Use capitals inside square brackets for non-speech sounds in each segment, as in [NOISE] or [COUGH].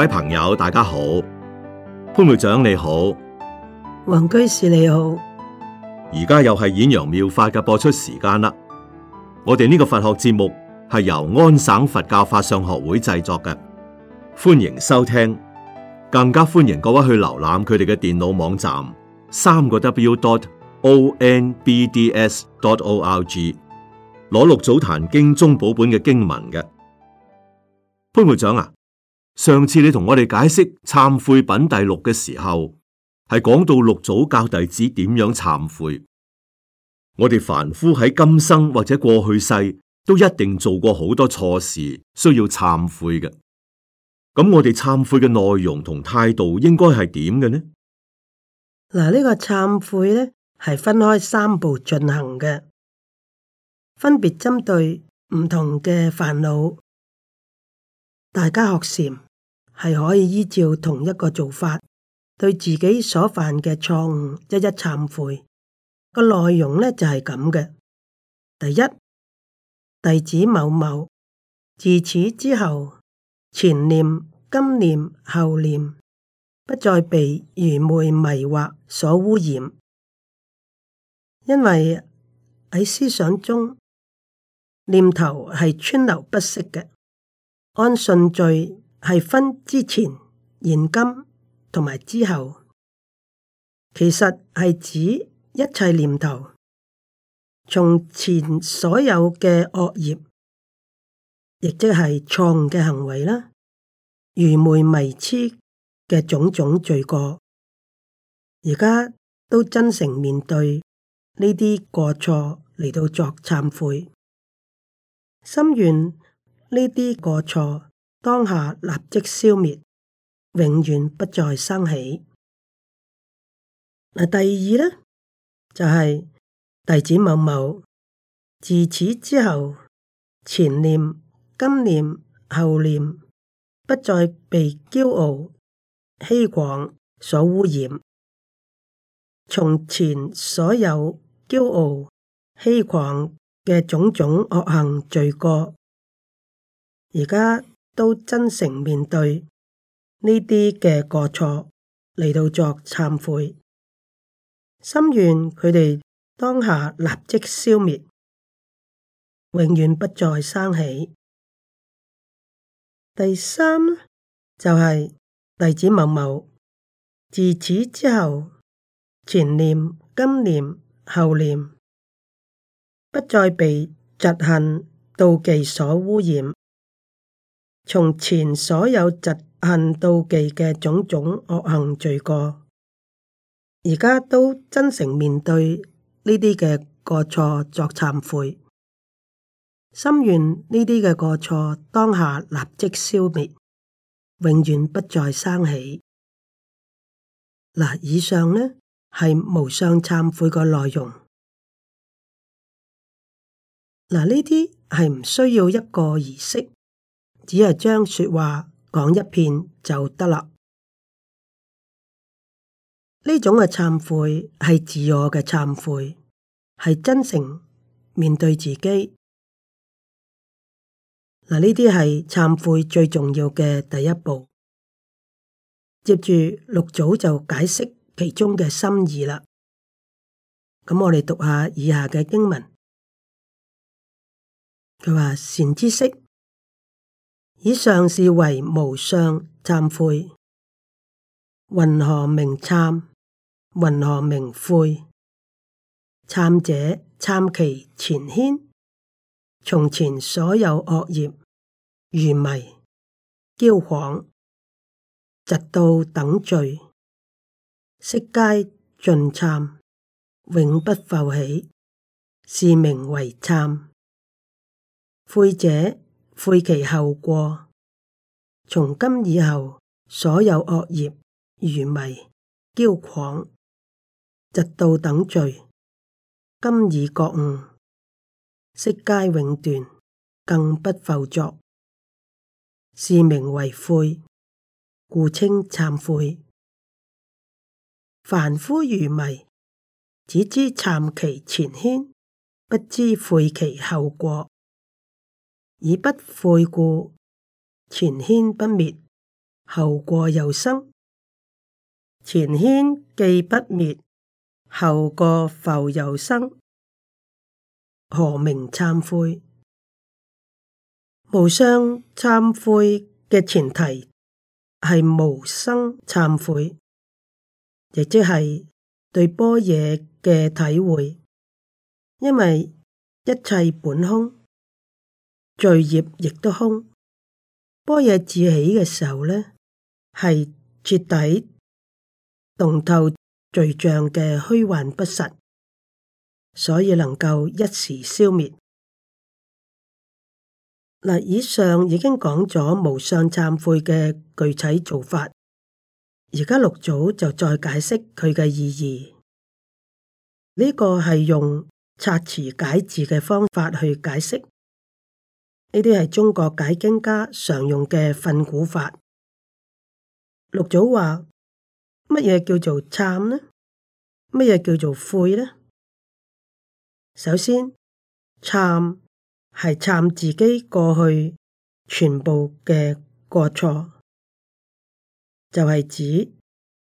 各位朋友，大家好，潘會長你好，王居士你好，而家又係演揚妙，妙法嘅播出時間啦。我哋呢個佛學節目係由安省佛教法相學會製作嘅，歡迎收聽，更加歡迎各位去瀏覽佢哋嘅電腦網站，三個 W dot O N B D S dot O R G，攞六祖壇經宗寶本嘅經文嘅，潘會長啊。上次你同我哋解釋懺悔品第六嘅時候，係講到六祖教弟子點樣懺悔。我哋凡夫喺今生或者過去世都一定做過好多錯事，需要懺悔嘅。咁我哋懺悔嘅內容同態度應該係點嘅呢？嗱，呢個懺悔呢係分開三步進行嘅，分別針對唔同嘅煩惱，大家學禪。係可以依照同一個做法，對自己所犯嘅錯誤一一懺悔。個內容呢就係咁嘅。第一，弟子某某自此之後，前念、今念、後念，不再被愚昧迷惑所污染，因為喺思想中，念頭係川流不息嘅，按順序。係分之前、現今同埋之後，其實係指一切念頭，從前所有嘅惡業，亦即係錯誤嘅行為啦，愚昧迷痴嘅種種罪過，而家都真誠面對呢啲過錯嚟到作懺悔，心願呢啲過錯。當下立即消滅，永遠不再生起。第二呢，就係、是、弟子某某自此之後，前念、今念、後念，不再被驕傲、欺狂所污染。從前所有驕傲、欺狂嘅種種惡行罪過，而家。都真誠面對呢啲嘅過錯嚟到作懺悔，心願佢哋當下立即消滅，永遠不再生起。第三就係、是、弟子某某自此之後，前念、今念、後念，不再被嫉恨、妒忌所污染。從前所有嫉恨、妒忌嘅種種惡行罪過，而家都真誠面對呢啲嘅過錯作懺悔，心願呢啲嘅過錯當下立即消滅，永遠不再生起。嗱，以上呢係無相懺悔嘅內容。嗱，呢啲係唔需要一個儀式。只係將說話講一遍就得啦。呢種嘅懺悔係自我嘅懺悔，係真誠面對自己。嗱，呢啲係懺悔最重要嘅第一步。接住六祖就解釋其中嘅心意啦。咁我哋讀下以下嘅經文，佢話善知識。以上是為無相懺悔，云何名懺？云何名悔？懺者懺其前愆，從前所有惡業愚迷驕狂，嫉妒等罪，悉皆盡懺，永不復起，是名為懺。悔者。悔其後過，從今以後，所有惡業、愚迷、驕狂、嫉妒等罪，今已覺悟，悉皆永斷，更不復作。是名為悔，故稱懺悔。凡夫愚迷，只知懺其前愆，不知悔其後過。以不悔故，前愆不滅，後過又生；前愆既不滅，後過浮又生，何名懺悔？無相懺悔嘅前提係無生懺悔，亦即係對般若嘅體會，因為一切本空。罪孽亦都空，般若自起嘅時候呢，係徹底洞透罪障嘅虛幻不實，所以能夠一時消滅。嗱，以上已經講咗無相懺悔嘅具體做法，而家六祖就再解釋佢嘅意義。呢個係用拆詞解字嘅方法去解釋。呢啲係中國解經家常用嘅訓詁法。六祖話：乜嘢叫做懺呢？乜嘢叫做悔呢？首先，懺係懺自己過去全部嘅過錯，就係、是、指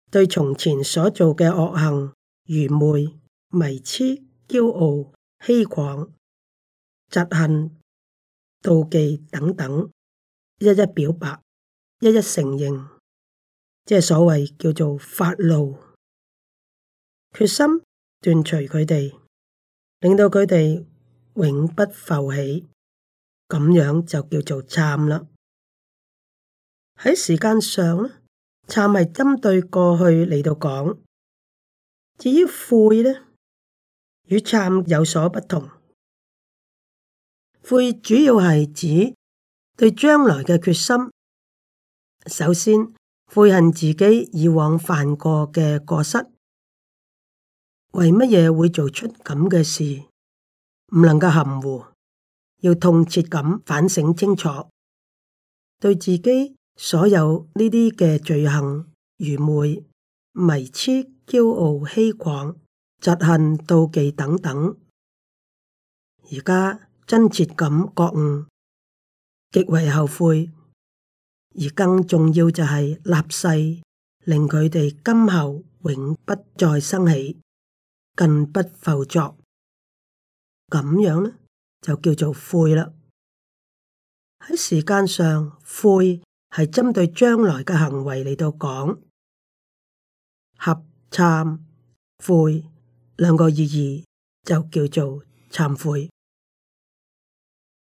對從前所做嘅惡行、愚昧、迷癡、驕傲、虛狂、疾恨。妒忌等等，一一表白，一一承認，即係所謂叫做發露，決心斷除佢哋，令到佢哋永不浮起，咁樣就叫做懺啦。喺時間上咧，懺係針對過去嚟到講；至於悔咧，與懺有所不同。悔主要係指對將來嘅決心。首先，悔恨自己以往犯過嘅過失，為乜嘢會做出咁嘅事？唔能夠含糊，要痛切咁反省清楚，對自己所有呢啲嘅罪行、愚昧、迷痴、驕傲、欺誑、嫉恨、妒忌等等，而家。真切感覺悟，極為後悔，而更重要就係立誓令佢哋今後永不再生起，更不浮作。咁樣呢就叫做悔啦。喺時間上，悔係針對將來嘅行為嚟到講，合懺悔兩個意義就叫做懺悔。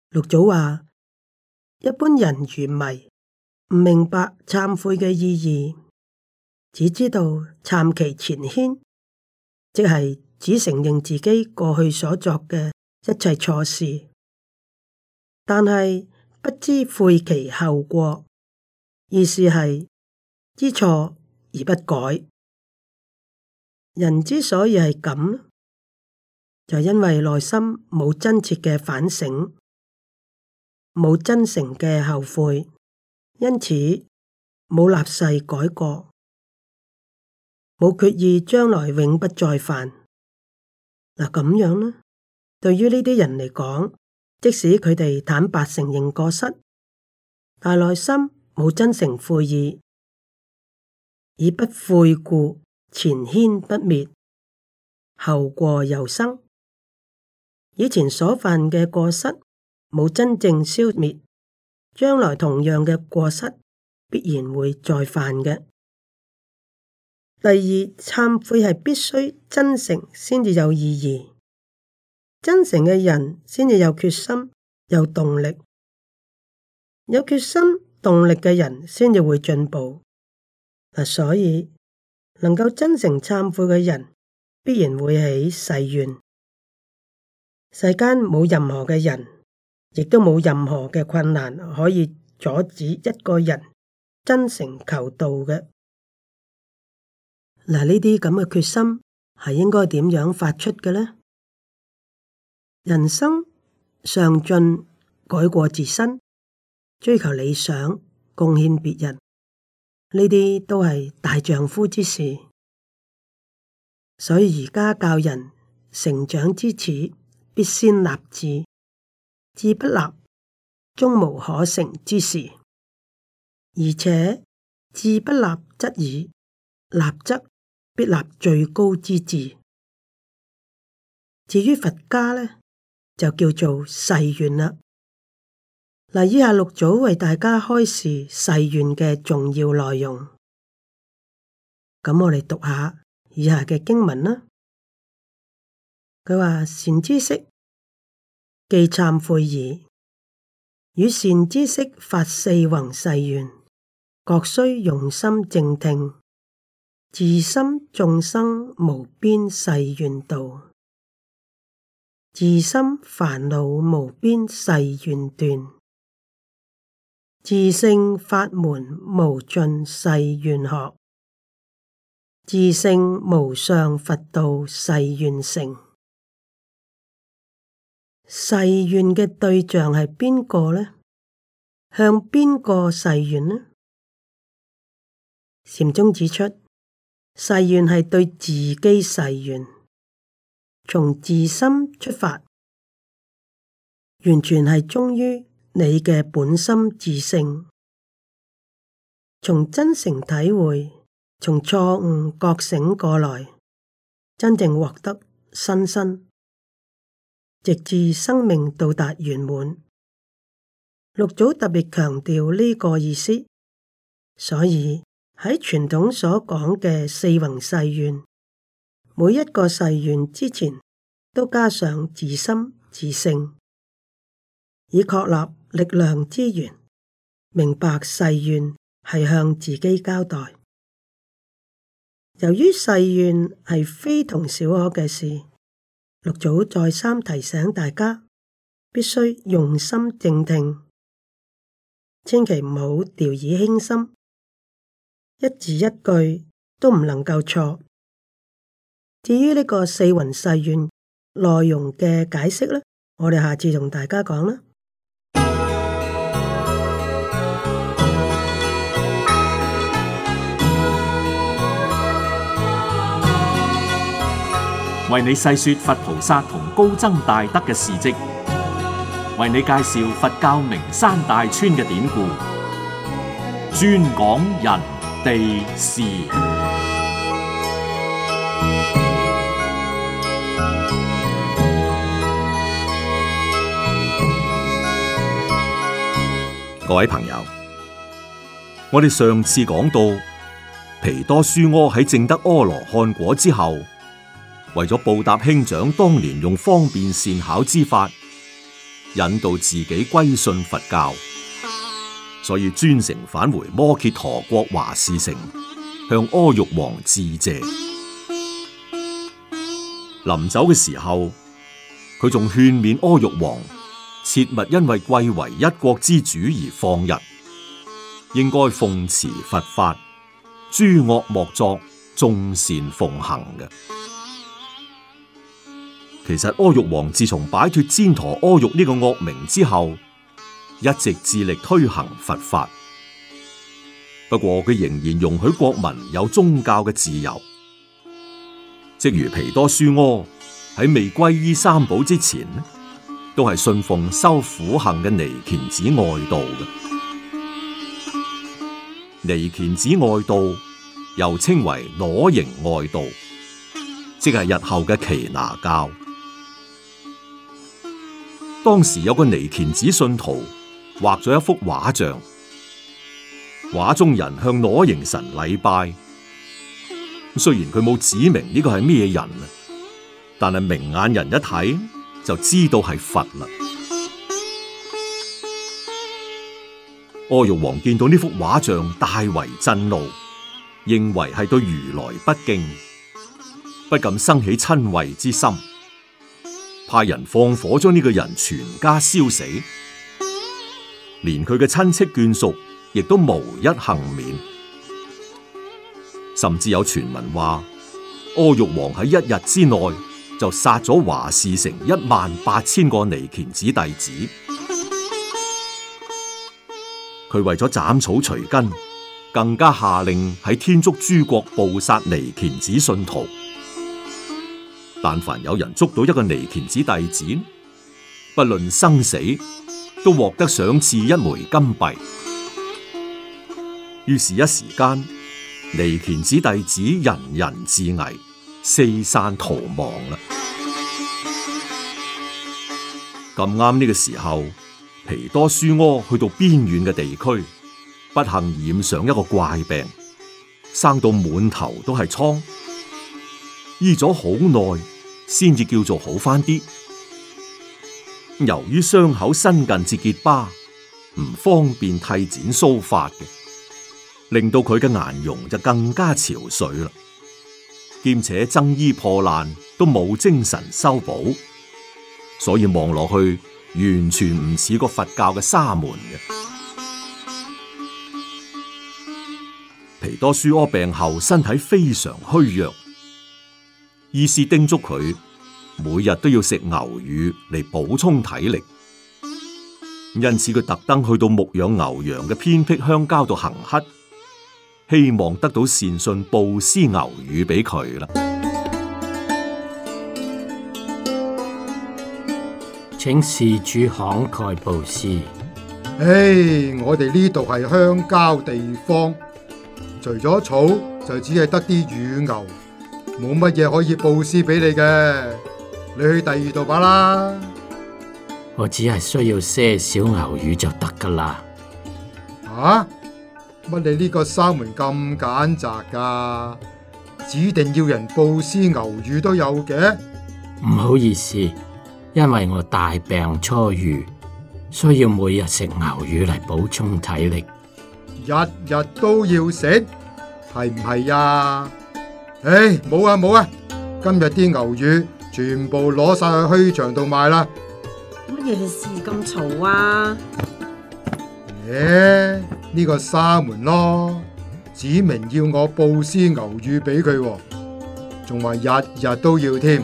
六祖話：一般人愚迷，唔明白懺悔嘅意義，只知道懺其前愆，即係只承認自己過去所作嘅一切錯事，但係不知悔其後過，意思係知錯而不改。人之所以係咁，就因為內心冇真切嘅反省。冇真誠嘅後悔，因此冇立誓改過，冇決意將來永不再犯。嗱，咁樣呢？對於呢啲人嚟講，即使佢哋坦白承認過失，但內心冇真誠悔意，以不悔故前愆不滅，後過又生，以前所犯嘅過失。冇真正消滅，將來同樣嘅過失必然會再犯嘅。第二，懺悔係必須真誠先至有意義，真誠嘅人先至有決心、有動力，有決心、動力嘅人先至會進步。嗱，所以能夠真誠懺悔嘅人，必然會起誓願。世間冇任何嘅人。亦都冇任何嘅困難可以阻止一個人真誠求道嘅。嗱，呢啲咁嘅決心係應該點樣發出嘅咧？人生上進、改過自新、追求理想、貢獻別人，呢啲都係大丈夫之事。所以而家教人成長之始，必先立志。志不立，終無可成之事；而且志不立則已，則已立則必立最高之志。至於佛家呢，就叫做誓願啦。嗱，以下六祖為大家開示誓願嘅重要內容。咁我哋讀下以下嘅經文啦。佢話善知識。既懺悔矣，與善知識發四宏誓願，各須用心靜聽：自心眾生無邊誓願度，自心煩惱無邊誓願斷，自性法門無盡誓願學，自性無上佛道誓願成。誓願嘅對象係邊個呢？向邊個誓願呢？禪宗指出，誓願係對自己誓願，從自心出發，完全係忠於你嘅本心自性，從真誠體會，從錯誤覺醒過來，真正獲得新生。直至生命到達圓滿，六祖特別強調呢個意思，所以喺傳統所講嘅四宏誓願，每一個誓願之前都加上自心自性，以確立力量之源，明白誓願係向自己交代。由於誓願係非同小可嘅事。六祖再三提醒大家，必須用心靜聽，千祈唔好掉以輕心，一字一句都唔能夠錯。至於呢個四云誓願內容嘅解釋呢，我哋下次同大家講啦。為你細說佛菩薩同高僧大德嘅事跡，為你介紹佛教名山大川嘅典故，專講人地事。各位朋友，我哋上次講到皮多書柯喺證得阿羅漢果之後。為咗報答兄長當年用方便善巧之法引導自己歸信佛教，所以專程返回摩揭陀國華氏城，向阿育王致謝。臨走嘅時候，佢仲勸勉阿育王切勿因為貴為一國之主而放逸，應該奉持佛法，諸惡莫作，眾善奉行嘅。其實阿育王自從擺脫旃陀阿育呢個惡名之後，一直致力推行佛法。不過佢仍然容許國民有宗教嘅自由，即如皮多書柯，喺未皈依三寶之前，都係信奉修苦行嘅尼乾子外道嘅。尼乾子外道又稱為裸形外道，即係日後嘅耆那教。當時有個尼犍子信徒畫咗一幅畫像，畫中人向裸形神禮拜。雖然佢冇指明呢個係咩人，但係明眼人一睇就知道係佛啦。阿育王見到呢幅畫像，大為震怒，認為係對如來不敬，不禁生起瞋恚之心。派人放火將呢個人全家燒死，連佢嘅親戚眷屬亦都無一幸免。甚至有傳聞話，阿育王喺一日之內就殺咗華氏城一萬八千個尼乾子弟子。佢為咗斬草除根，更加下令喺天竺諸國捕殺尼乾子信徒。但凡有人捉到一個尼乾子弟子，不論生死，都獲得賞賜一枚金幣。於是，一時間尼乾子弟子人人自危，四散逃亡啦。咁啱呢個時候，皮多書柯去到邊遠嘅地區，不幸染上一個怪病，生到滿頭都係瘡，醫咗好耐。先至叫做好翻啲。由於傷口伸近至結疤，唔方便剃剪梳髮嘅，令到佢嘅顏容就更加憔悴啦。兼且僧衣破爛，都冇精神修補，所以望落去完全唔似個佛教嘅沙門嘅。皮多舒阿病後，身體非常虛弱。意思叮囑佢每日都要食牛乳嚟補充體力，因此佢特登去到牧養牛羊嘅偏僻鄉郊度行乞，希望得到善信布施牛乳俾佢啦。請事主慷慨布施。唉，hey，我哋呢度係鄉郊地方，除咗草就只係得啲乳牛。冇乜嘢可以布施俾你嘅，你去第二度把啦。我只係需要些少牛乳就得噶啦。啊？乜你呢個沙門咁揀擇噶？指定要人布施牛乳都有嘅？唔好意思，因為我大病初愈，需要每日食牛乳嚟補充體力，日日都要食，係唔係啊？唉，冇啊，hey，冇啊，今日啲牛乳全部攞晒去墟場度賣啦。乜嘢事咁嘈啊？誒，呢個沙門咯，指明要我布施牛乳俾佢，仲話日日都要添，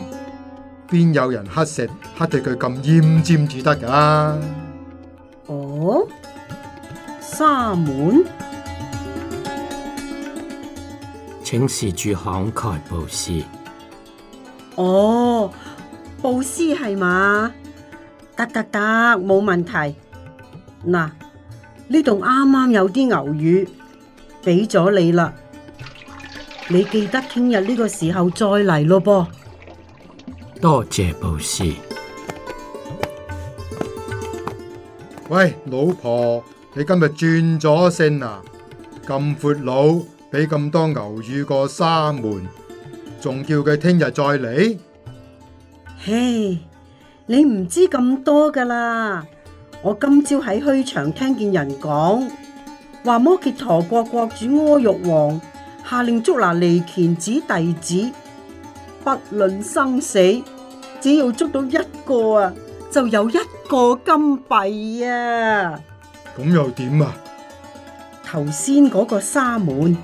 邊有人乞食乞到佢咁奄尖至得㗎？哦，oh? 沙門。請施主慷慨布施。哦、嗯，布施係嘛？得得得，冇問題。嗱，呢度啱啱有啲牛乳，俾咗你啦。你記得聽日呢個時候再嚟咯噃。多謝布施。喂，老婆，你今日轉咗性啊？咁闊佬！俾咁多牛乳個沙門，仲叫佢聽日再嚟？嘿，hey, 你唔知咁多噶啦！我今朝喺墟場聽見人講，話摩羯陀國國主阿育王下令捉拿尼乾子弟子，不論生死，只要捉到一個啊，就有一個金幣啊！咁又點啊？頭先嗰個沙門。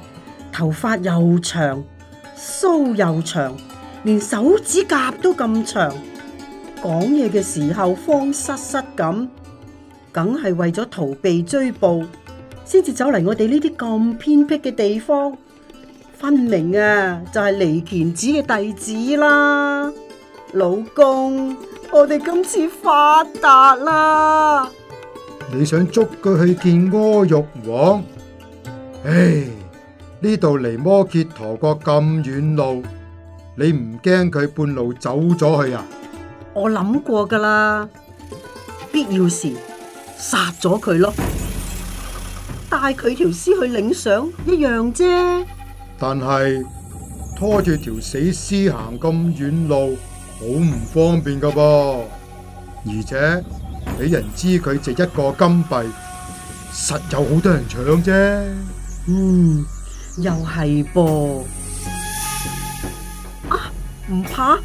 頭髮又長，鬚又長，連手指甲都咁長。講嘢嘅時候慌失失咁，梗係為咗逃避追捕，先至走嚟我哋呢啲咁偏僻嘅地方。分明啊，就係尼乾子嘅弟子啦。老公，我哋今次發達啦！你想捉佢去見柯玉王？唉。呢度嚟摩羯陀國咁遠路，你唔驚佢半路走咗去啊？我諗過噶啦，必要時殺咗佢咯，帶佢條屍去領賞一樣啫。但係拖住條死屍行咁遠路，好唔方便噶噃，而且俾人知佢值一個金幣，實有好多人搶啫。嗯。又係噃，啊，唔怕，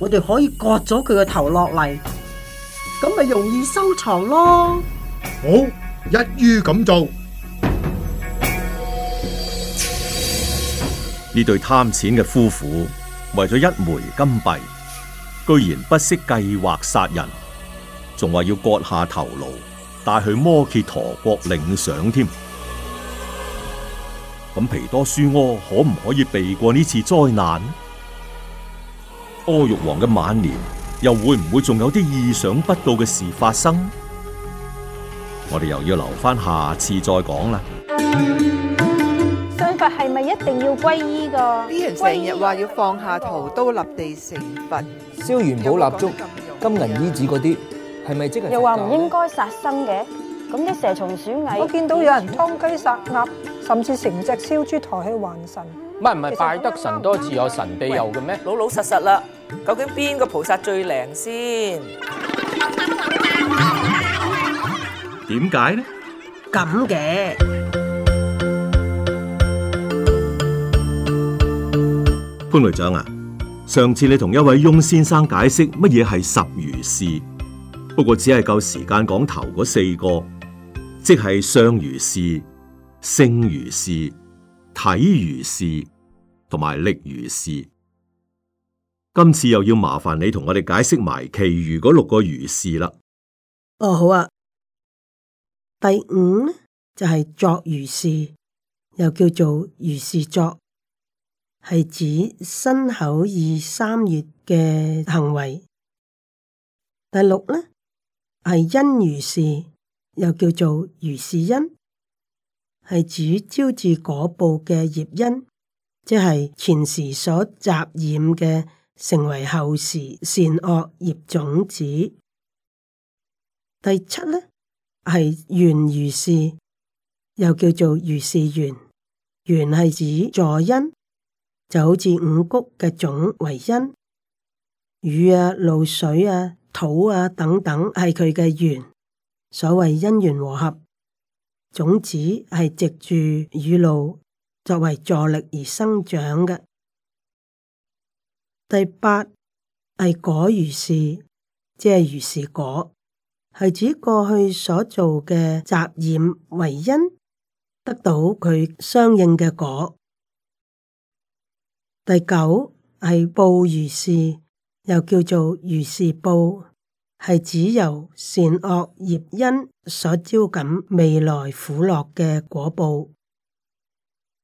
我哋可以割咗佢個頭落嚟，咁咪容易收藏咯。好，一於咁做。呢 [NOISE] [NOISE] 對貪錢嘅夫婦為咗一枚金幣，居然不惜計劃殺人，仲話要割下頭顱帶去摩羯陀國領賞添。咁皮多書柯可唔可以避過呢次災難？柯玉皇嘅晚年又會唔會仲有啲意想不到嘅事發生？我哋又要留返下，下次再講啦。信佛係咪一定要皈依㗎？呢啲人成日話要放下屠刀立地成佛，燒元寶蠟燭、金銀衣紙嗰啲，係咪、啊、即係？又話唔應該殺生嘅。咁啲蛇蟲鼠蟻，我見到有人殺雞殺鴨。蟲蟲甚至成隻燒豬抬起還神，唔係唔係拜得神多自有神庇佑嘅咩？老老實實啦，究竟邊個菩薩最靈先？點解呢？咁嘅潘隊長啊，上次你同一位翁先生解釋乜嘢係十如是，不過只係夠時間講頭嗰四個，即係相如是。性如是，體如是，同埋力如是。今次又要麻煩你同我哋解釋埋其餘嗰六個如是啦。哦，好啊。第五呢，就係作如是，又叫做如是作，係指身口意三業嘅行為。第六呢，係因如是，又叫做如是因。係指招致果報嘅業因，即係前時所雜染嘅，成為後時善惡業種子。第七呢，係緣如是，又叫做如是緣。緣係指助因，就好似五穀嘅種為因，雨啊、露水啊、土啊等等係佢嘅緣，所謂因緣和合。種子係藉住雨露作為助力而生長嘅。第八係果如是，即係如是果，係指過去所做嘅習染為因，得到佢相應嘅果。第九係報如是，又叫做如是報。係指由善惡業因所招感未來苦樂嘅果報，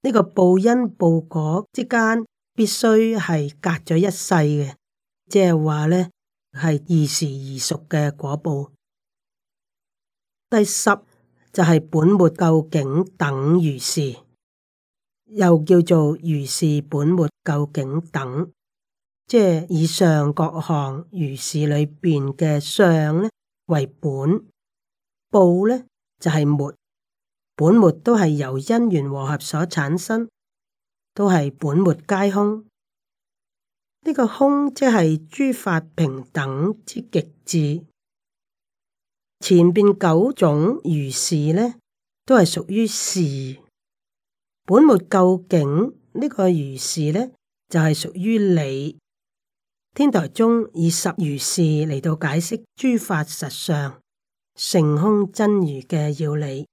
呢、這個報因報果之間必須係隔咗一世嘅，即係話呢係異時而熟嘅果報。第十就係、是、本末究竟等如是，又叫做如是本末究竟等。即係以上各項如是裏邊嘅相呢為本，報呢就係、是、末，本末都係由因緣和合所產生，都係本末皆空。呢、這個空即係諸法平等之極致。前邊九種如是呢，都係屬於事，本末究竟呢、這個如是呢，就係屬於理。天台中以十如是嚟到解釋諸法實相、成空真如嘅要理。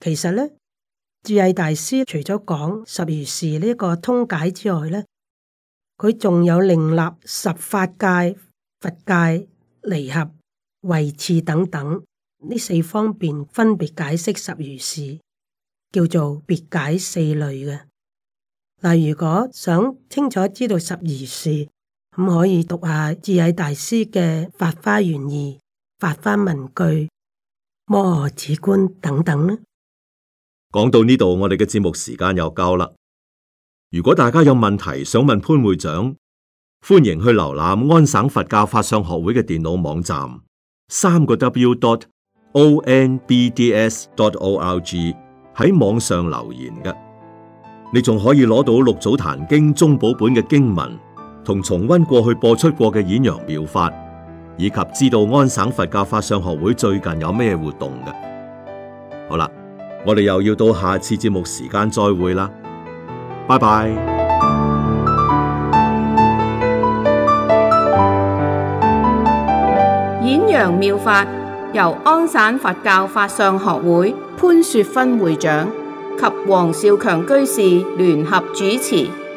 其實呢，智慧大師除咗講十如是呢一個通解之外呢，佢仲有另立十法界、佛界、離合、位次等等呢四方面分別解釋十如是，叫做別解四類嘅。嗱，如果想清楚知道十如是。咁、嗯、可以讀下智顗大師嘅《法花玄義》《法花文句》《摩訶止觀》等等啦。講到呢度，我哋嘅節目時間又夠啦。如果大家有問題想問潘會長，歡迎去瀏覽安省佛教法相學會嘅電腦網站，三個 W dot O N B D S dot O R G 喺網上留言嘅。你仲可以攞到《六祖壇經》宗寶本嘅經文。同重溫過去播出過嘅《演揚妙法》，以及知道安省佛教法相學會最近有咩活動嘅。好啦，我哋又要到下次節目時間再會啦，拜拜。《演揚妙法》由安省佛教法相學會潘雪芬會長及黃少強居士聯合主持。